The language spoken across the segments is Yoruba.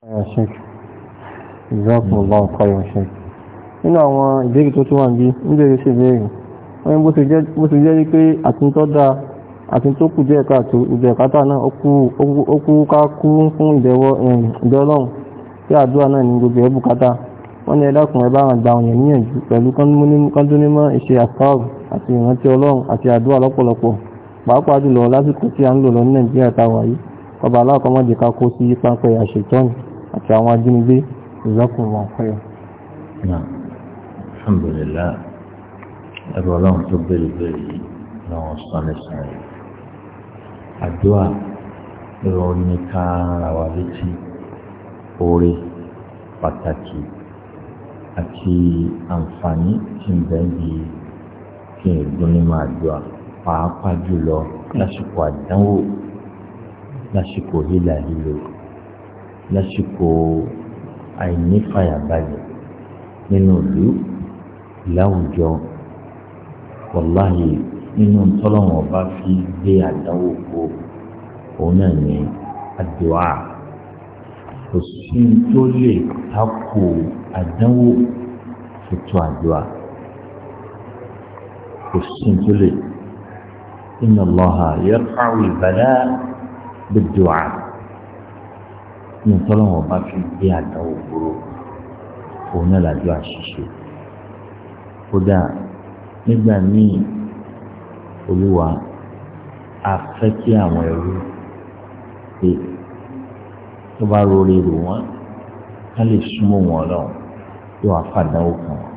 nínú àti tó kù díẹ̀ káàtó ìjẹ̀kátà náà ó ká kú fún ìbẹ̀wọ̀ ìbẹ̀ọlọ́run tí àdúrà náà ní gbogbo ẹ̀bù wọ́n ní ẹ̀dàkùn ẹ̀bá àwọn àgbà òyìn níyànjú pẹ̀lú kọ́ndúnímọ̀ ìṣe àti ìrántí ọlọ́run àti àdúrà lọ́pọ̀lọpọ̀ àti àwọn ajínigbé ìzọ́kùn wọn pẹ́yọ. alhamdulilayi ẹ̀rọ ọlọ́run tó béèrè béèrè yìí lọ́wọ́ sọ́ni sọ́ni àdúrà ẹ̀rọ ní ká ara wa létí oore pàtàkì àti àǹfààní tí ń bẹ́ẹ̀ bí kí n dúnni máa dùà pàápàá jùlọ lásìkò àdánwò lásìkò hílàhílò lásìkò àìnífàyàbalẹ̀ nínú ìlú láwùjọ wàláhì nínú tọ́lọ́wọ̀n bá fi gbé àdánwò kó òun náà ní àdúà kò sí tó lè takò àdánwò ètò àdúà kò sí tó lè inna Allaha yarfa'u al-bala bid-du'a ní tọ́lọ́wọ́n bá fi gbé àdánwò kúrò òun náà làjọ àṣìṣe kódà nígbà míì olúwa a fẹ́ kí àwọn ẹrú pé tó bá rọrí rò wọ́n ká lè súnmọ́ wọn lọ yóò wá fàdánwò kan wọn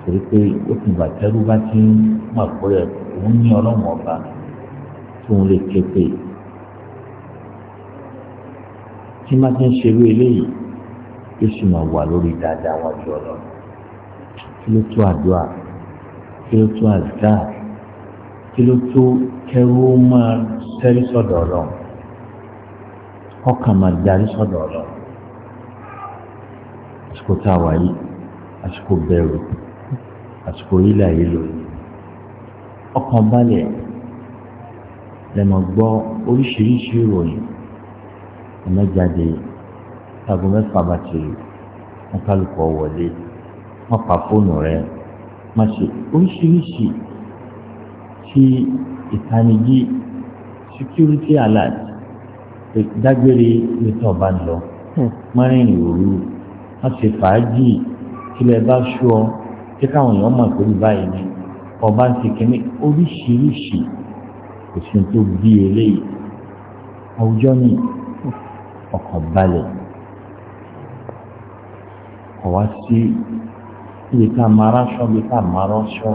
torí pé ó ti bàtẹ́rú bá ti ń mọ̀ pé òun ní ọlọ́wọ́n ọba tóun lè ké pé tí má ti ń ṣerú eléyìí yóò sì máa wà lórí dáadáa wọn jù ọ lọ kí ló tó àdúrà kí ló tó àdúrà kí ló tó kẹrù máa tẹrí sọ́dọ̀ Ọlọ́run ọkàn máa darí sọ́dọ̀ Ọlọ́run àsìkò tá a wà yìí àsìkò bẹ̀rù àsìkò ilé ayé lónìí ọkàn balẹ̀ lẹ́mọ̀ gbọ́ oríṣiríṣi ìròyìn ọmọ jáde aago mẹ́fà bá ti wọn kálukọ wọlé wọn pa fóònù rẹ má ṣe oríṣiríṣi ti ìtanijí security alert dágbére nítorí ọba ń lọ mọ́rìnrìn hmm. òru wọ́n ṣe fàájì tilẹ̀ bá ṣú ọ tí káwọn èèyàn mọ̀ pé báyìí ni ọba ń ṣe kínní oríṣiríṣi kò sí tó bí eléyìí àwùjọ ni ọkàn balẹ̀ kọ̀ wá sí ibi tá a máa ráṣọ ibi tá a máa ráṣọ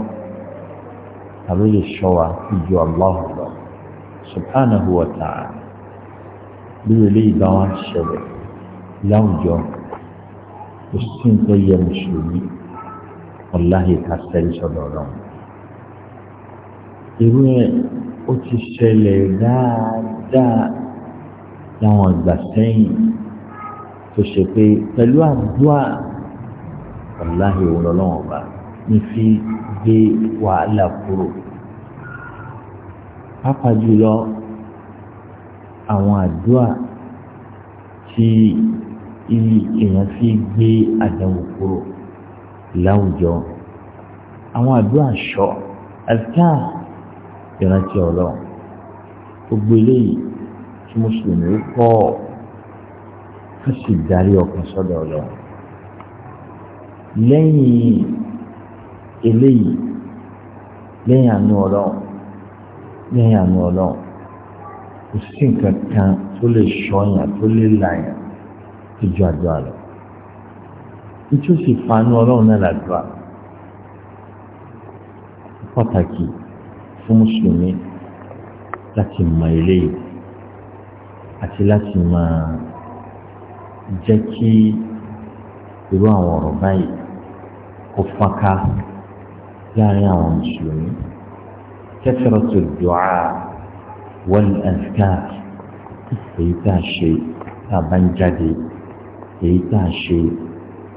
tàbí lè ṣọ wa ju Allah lọ subhanahu wa ta'ala bí eléyìí bá wọn ṣẹlẹ̀ láwùjọ kò sí yẹ mùsùlùmí wàláhì ká sẹ́rí sọ̀dọ̀ ọ̀rọ̀ irú ó ti ṣẹlẹ̀ dáadáa láwọn ìgbà sẹ́yìn tó ṣe pé pẹ̀lú àdúrà wàláhì òun lọ́wọ́ ọba ní fi gbé wàhálà kúrò pàápàá jùlọ àwọn àdúrà tí èèyàn fi gbé àdánwò kúrò láwùjọ àwọn àdúrà ṣọ ẹ̀ka ìrántí ọlọ́run gbogbo eléyìí kí mùsùlùmí pọ̀ tó sì darí ọkàn sọ́dọ̀ ọlọ́run lẹ́yìn eléyìí lẹ́yìn àánú ọlọ́run lẹ́yìn àánú ọlọ́run kò sí nǹkan kan tó lè ṣọ́yàn tó lè làyàn tó ju àdúrà lọ ìtú sì fanú ọlọ́run náà làdúrà pàtàkì fún mùsùlùmí láti mọ eléyìí àti láti máa jẹ́ kí irú àwọn ọ̀rọ̀ báyìí kó fọ́nká láàrin àwọn mùsùlùmí kẹsàrọ̀ tó dùá wọ́n ẹ̀ka èyí tá a ṣe tá a bá ń jáde èyí tá a ṣe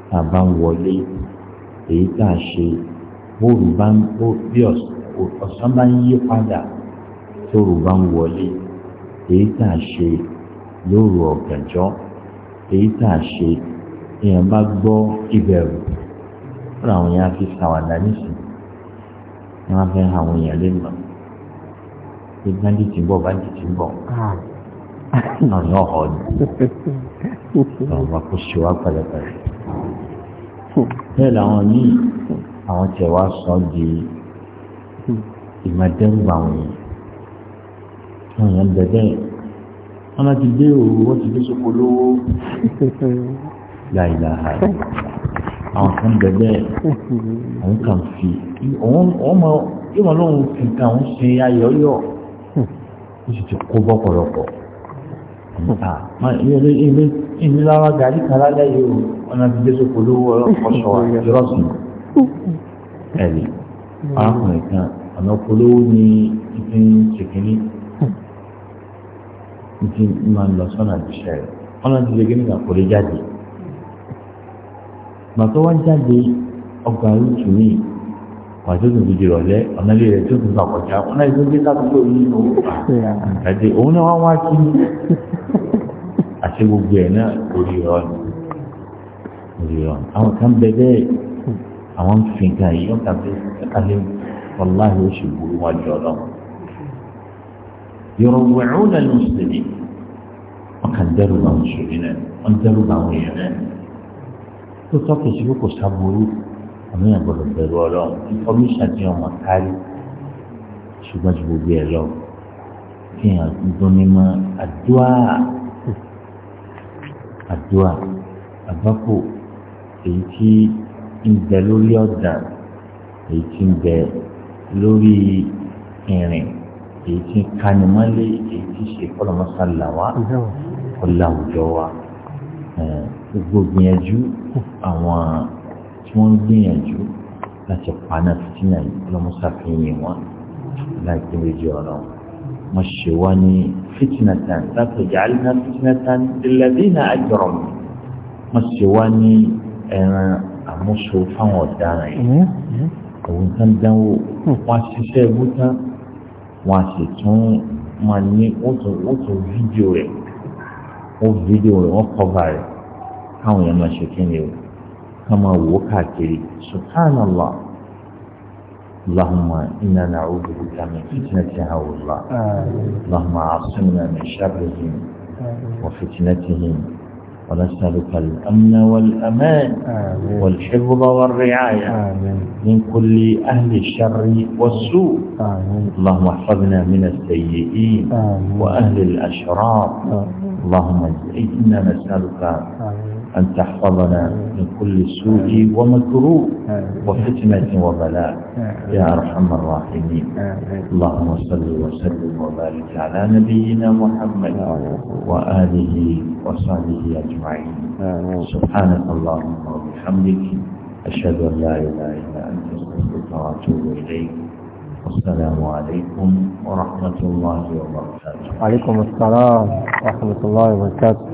tá a bá ń wọlé èyí tá a ṣe bóòrù bá ń bí ọ̀sán bá ń yí padà tóòrù bá ń wọlé èyí tá a ṣe lóru ọ̀gànjọ́ èyí tá a ṣe èèyàn bá gbọ́ ìbẹ̀rù fún àwọn èèyàn fi ṣàwàdà nísìn wọn á fẹ́ àwọn èèyàn lé mọ̀ pé báńdíìtì ń bọ̀ báńdíìtì ń bọ̀ ọ̀nà ọ̀họ̀ ni ọ̀rọ̀ wa kò ṣe wá pẹ̀lẹ́pẹ̀lẹ́ bẹ́ẹ̀ làwọn míì àwọn tẹ̀ wá sọ di ìmọ̀dẹ́rù àwọn èèyàn àwọn èèyàn bẹ̀ bẹ́ẹ̀ wọn bá ti dé òru wọn ti dé sóko lówó láìláha àwọn kan bẹ̀ bẹ́ẹ̀ òun kàn fi òun mọ ìmọ̀ lóun fi kan òun ṣe ayọ̀yọ̀ ó sì ti kó bọ́pọ̀lọpọ̀ ilé ilé gàrí kan lálẹ́ yìí o ọ̀nà ti dé sóko lówó ọ̀ṣọ́ wa ìrọ̀sùn ẹ̀rí arákùnrin kan ọ̀nà polówó ni ìpín ṣèkínní ti máa ń lọ sọ́nà àdìsẹ́ rẹ̀ ọ̀nà ti lè gé nígbà kò lè jáde. gbàtọ́ wá jáde ọgbà rúùtù ní wàá tó tún fi di rọ̀lẹ́ ọ̀nà ilé rẹ̀ tó tún gbà kọjá ọ̀nà ìlú gbé sàkóso yìí ló jáde òun náà wá wá kí ni àti gbogbo ẹ̀ náà orí rọ̀ orí rọ̀ àwọn kan bẹ bẹ́ẹ̀ àwọn fi yìí wọ́n kà bẹ́ẹ̀ kálí wàláhì ó burú wájú ọlọ́run. يروعون المسلمين وكان داروا بعض الشؤلاء أم داروا بعض الشؤلاء تطاق سيوك وسابورو أمين أقول الداروا لهم الفميشة يوم التالي شو مجبو بيه لهم كان دونما الدعاء الدعاء أبقوا èyí tí ń bẹ lórí ọ̀dàn èyí èyí tí kanimọ́lé èyí tí ṣe kọ́lọ́mọ́sá là wá ọ̀la òjọ́ wa gbogbo gbìyànjú àwọn tí wọ́n ń gbìyànjú láti paná fìtínà yìí kọ́lọ́mọ́sá fi yìn wọ́n láìpẹ́ méjì ọ̀rọ̀ wọ́n ṣe wá ní fìtínà tán láti ọjà àlìná fìtínà tán lẹ́lẹ́dínà àjọrọ̀ mi wọ́n ṣe wá ní ẹran àmúṣo fáwọn ọ̀daràn yìí mm-hmm. òun tán dánwò wọ́n á ṣiṣẹ́ wọn a sì tún máa ní ó tó fídíò rẹ̀ ó fídíò rẹ̀ wọ́n kọ́va rẹ̀ káwọn yẹn máa ṣe kíni o ká máa wò ó káàkiri subhanallah اللهم إنا نعوذ بك من فتنة هؤلاء اللهم عاصمنا من شرهم وفتنتهم ونسألك الأمن والأمان آمين. والحفظ والرعاية آمين. من كل أهل الشر والسوء آمين. اللهم احفظنا من السيئين آمين. وأهل الأشرار آمين. اللهم إنا نسألك أن تحفظنا من كل سوء ومكروه وفتنة وبلاء يا أرحم الراحمين اللهم صل وسلم وبارك على نبينا محمد وآله وصحبه أجمعين سبحانك اللهم وبحمدك أشهد أن لا إله إلا أنت أستغفرك وأتوب إليك السلام عليكم ورحمة الله وبركاته عليكم السلام ورحمة الله وبركاته